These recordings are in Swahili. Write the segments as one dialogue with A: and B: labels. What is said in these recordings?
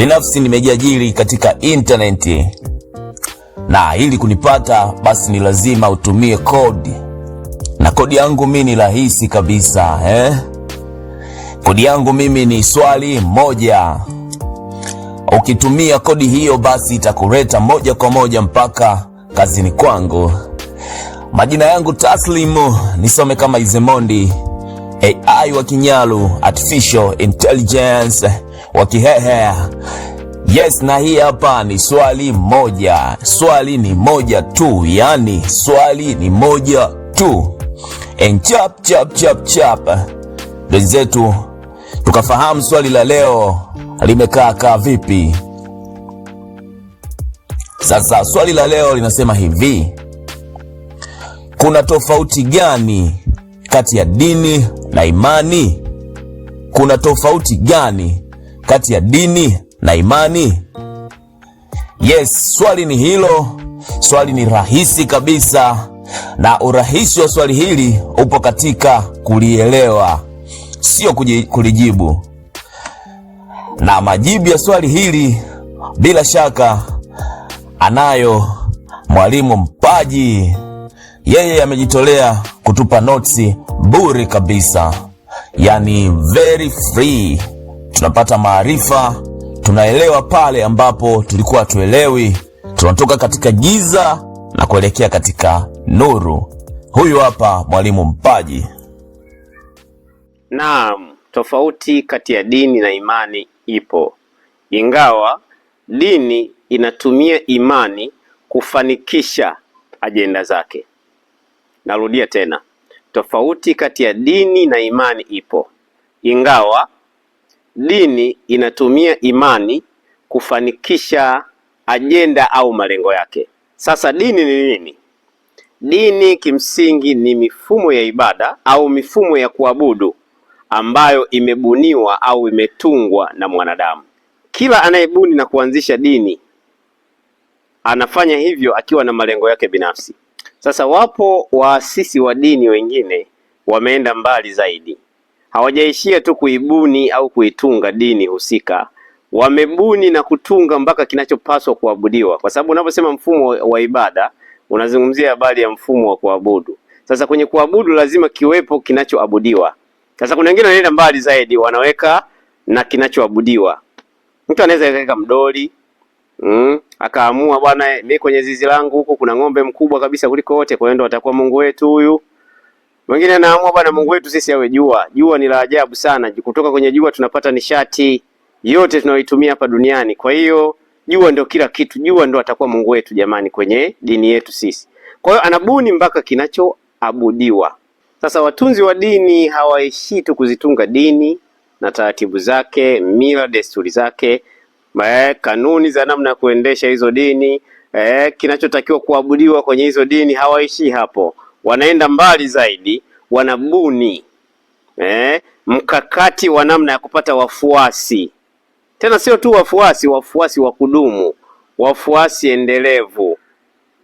A: Binafsi nimejiajiri katika intaneti, na ili kunipata basi ni lazima utumie kodi, na kodi yangu mimi ni rahisi kabisa eh? Kodi yangu mimi ni swali moja. Ukitumia kodi hiyo basi itakuleta moja kwa moja mpaka kazini kwangu. Majina yangu taslimu nisome kama Izemondi AI wa Kinyalu, artificial intelligence wakihehe. Yes, na hii hapa ni swali moja. Swali ni moja tu, yani swali ni moja tu. And chap chap chap chap, wenzetu tukafahamu swali la leo limekaa kaa vipi? Sasa swali la leo linasema hivi: kuna tofauti gani kati ya dini na imani? Kuna tofauti gani kati ya dini na imani? Yes, swali ni hilo. Swali ni rahisi kabisa, na urahisi wa swali hili upo katika kulielewa, sio kulijibu. Na majibu ya swali hili bila shaka anayo mwalimu Mpaji. Yeye amejitolea kutupa notsi bure kabisa, yani very free tunapata maarifa, tunaelewa pale ambapo tulikuwa tuelewi. tunatoka katika giza na kuelekea katika nuru. Huyu hapa Mwalimu Mpaji.
B: Naam, tofauti kati ya dini na imani ipo, ingawa dini inatumia imani kufanikisha ajenda zake. Narudia tena, tofauti kati ya dini na imani ipo, ingawa dini inatumia imani kufanikisha ajenda au malengo yake. Sasa dini ni nini? Dini kimsingi ni mifumo ya ibada au mifumo ya kuabudu ambayo imebuniwa au imetungwa na mwanadamu. Kila anayebuni na kuanzisha dini anafanya hivyo akiwa na malengo yake binafsi. Sasa wapo waasisi wa dini wengine wameenda mbali zaidi hawajaishia tu kuibuni au kuitunga dini husika, wamebuni na kutunga mpaka kinachopaswa kuabudiwa, kwa sababu unaposema mfumo wa ibada unazungumzia habari ya mfumo wa kuabudu. Sasa kwenye kuabudu lazima kiwepo kinachoabudiwa. Sasa kuna wengine wanaenda mbali zaidi, wanaweka na kinachoabudiwa. Mtu anaweza kaweka mdoli mm, akaamua bwana, mimi kwenye zizi langu huko kuna ng'ombe mkubwa kabisa kuliko wote, kwa hiyo ndo atakuwa mungu wetu huyu. Mwingine anaamua bwana, Mungu wetu sisi awe jua. Jua ni la ajabu sana, kutoka kwenye jua tunapata nishati yote tunayoitumia hapa duniani. Kwa hiyo jua ndio kila kitu, jua ndio atakuwa Mungu wetu jamani, kwenye dini yetu sisi. Kwa hiyo anabuni mpaka kinachoabudiwa. Sasa watunzi wa dini hawaishii tu kuzitunga dini na taratibu zake, mila, desturi zake, e, kanuni za namna ya kuendesha hizo dini e, kinachotakiwa kuabudiwa kwenye hizo dini, hawaishii hapo wanaenda mbali zaidi, wanabuni eh, mkakati wa namna ya kupata wafuasi, tena sio tu wafuasi, wafuasi wa kudumu, wafuasi endelevu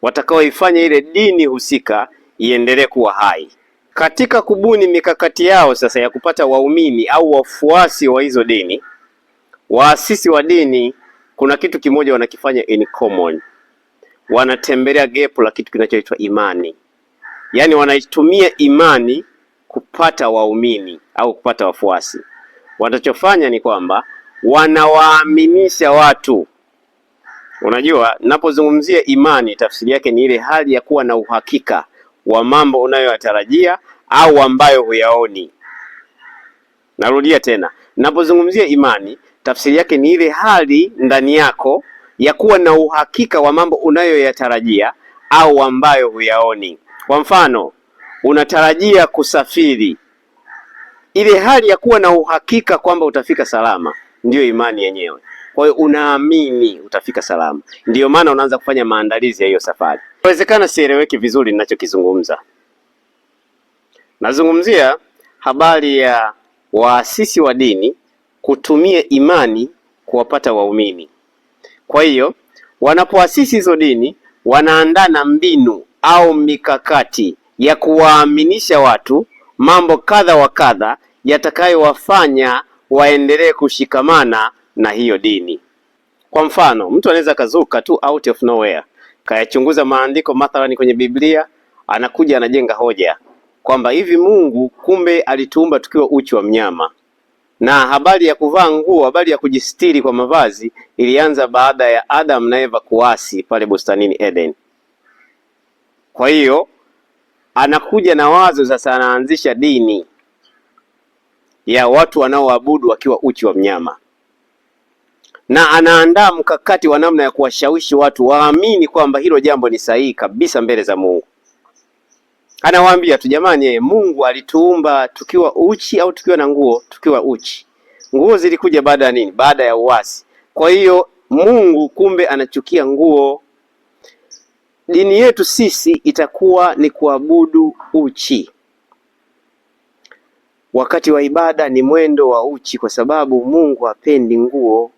B: watakaoifanya ile dini husika iendelee kuwa hai. Katika kubuni mikakati yao sasa ya kupata waumini au wafuasi wa hizo dini, waasisi wa dini, kuna kitu kimoja wanakifanya in common, wanatembelea gepu la kitu kinachoitwa imani yaani wanaitumia imani kupata waumini au kupata wafuasi. Wanachofanya ni kwamba wanawaaminisha watu. Unajua, napozungumzia imani, tafsiri yake ni ile hali ya kuwa na uhakika wa mambo unayoyatarajia au ambayo huyaoni. Narudia tena, napozungumzia imani, tafsiri yake ni ile hali ndani yako ya kuwa na uhakika wa mambo unayoyatarajia au ambayo huyaoni. Kwa mfano, unatarajia kusafiri, ile hali ya kuwa na uhakika kwamba utafika salama ndiyo imani yenyewe. Kwa hiyo unaamini utafika salama, ndiyo maana unaanza kufanya maandalizi ya hiyo safari. Inawezekana sieleweki vizuri ninachokizungumza. Nazungumzia habari ya waasisi wa dini kutumia imani kuwapata waumini. Kwa hiyo wanapoasisi hizo dini wanaandaa na mbinu au mikakati ya kuwaaminisha watu mambo kadha wa kadha yatakayowafanya waendelee kushikamana na hiyo dini. Kwa mfano, mtu anaweza kazuka tu out of nowhere kayachunguza maandiko mathalani kwenye Biblia, anakuja anajenga hoja kwamba hivi Mungu kumbe alituumba tukiwa uchi wa mnyama, na habari ya kuvaa nguo, habari ya kujistiri kwa mavazi ilianza baada ya Adam na Eva kuasi pale bustanini Eden. Kwa hiyo anakuja na wazo sasa, anaanzisha dini ya watu wanaoabudu wakiwa uchi wa mnyama, na anaandaa mkakati wa namna ya kuwashawishi watu waamini kwamba hilo jambo ni sahihi kabisa mbele za Mungu. Anawaambia tu jamani, Mungu alituumba tukiwa uchi au tukiwa na nguo? Tukiwa uchi. Nguo zilikuja baada ya nini? Baada ya uasi. Kwa hiyo Mungu kumbe anachukia nguo dini yetu sisi itakuwa ni kuabudu uchi. Wakati wa ibada ni mwendo wa uchi, kwa sababu Mungu hapendi nguo.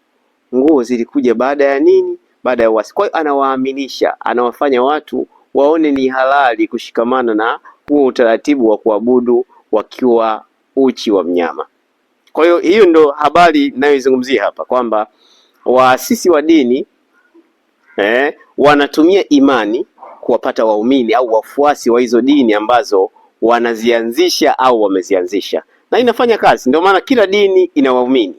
B: Nguo zilikuja baada ya nini? Baada ya uasi. Kwa hiyo anawaaminisha, anawafanya watu waone ni halali kushikamana na huo utaratibu wa kuabudu wakiwa uchi wa mnyama. Kwa hiyo hiyo ndo habari inayoizungumzia hapa kwamba waasisi wa dini eh, wanatumia imani kuwapata waumini au wafuasi wa hizo dini ambazo wanazianzisha au wamezianzisha, na inafanya kazi. Ndio maana kila dini ina waumini,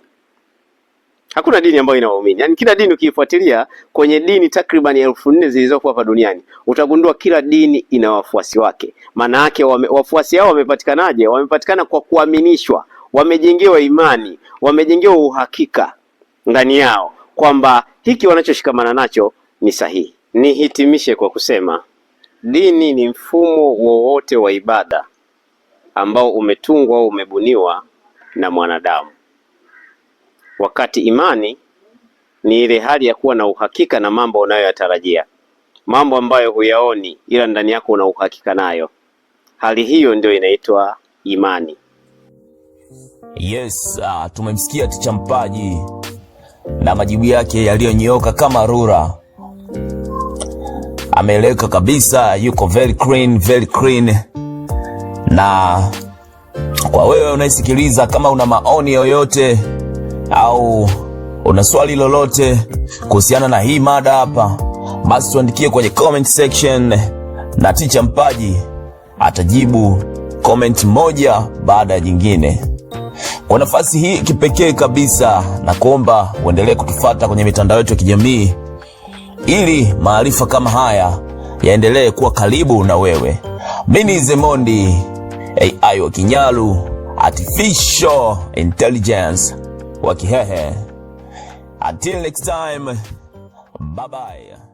B: hakuna dini ambayo ina waumini. Yaani kila dini ukiifuatilia kwenye dini takriban elfu nne zilizopo hapa duniani utagundua kila dini ina wafuasi wake. Maana yake wame, wafuasi hao wamepatikanaje? Wamepatikana kwa kuaminishwa, wamejengewa imani, wamejengewa uhakika ndani yao kwamba hiki wanachoshikamana nacho ni sahihi. Nihitimishe kwa kusema dini ni mfumo wowote wa ibada ambao umetungwa au umebuniwa na mwanadamu, wakati imani ni ile hali ya kuwa na uhakika na mambo unayoyatarajia, mambo ambayo huyaoni ila ndani yako una uhakika nayo. Hali hiyo ndio inaitwa imani.
A: Yes, ah, tumemsikia Ticha Mpaji na majibu yake yaliyonyoka kama rura ameeleweka kabisa, yuko very clean, very clean. Na kwa wewe unaisikiliza, kama una maoni yoyote au una swali lolote kuhusiana na hii mada hapa, basi tuandikie kwenye comment section na Ticha Mpaji atajibu comment moja baada ya nyingine. Kwa nafasi hii kipekee kabisa, na kuomba uendelee kutufata kwenye mitandao yetu ya kijamii ili maarifa kama haya yaendelee kuwa karibu na wewe. Mimi Zemondi AI wa Kinyalu, artificial intelligence wa Kihehe. Until next time, bye bye.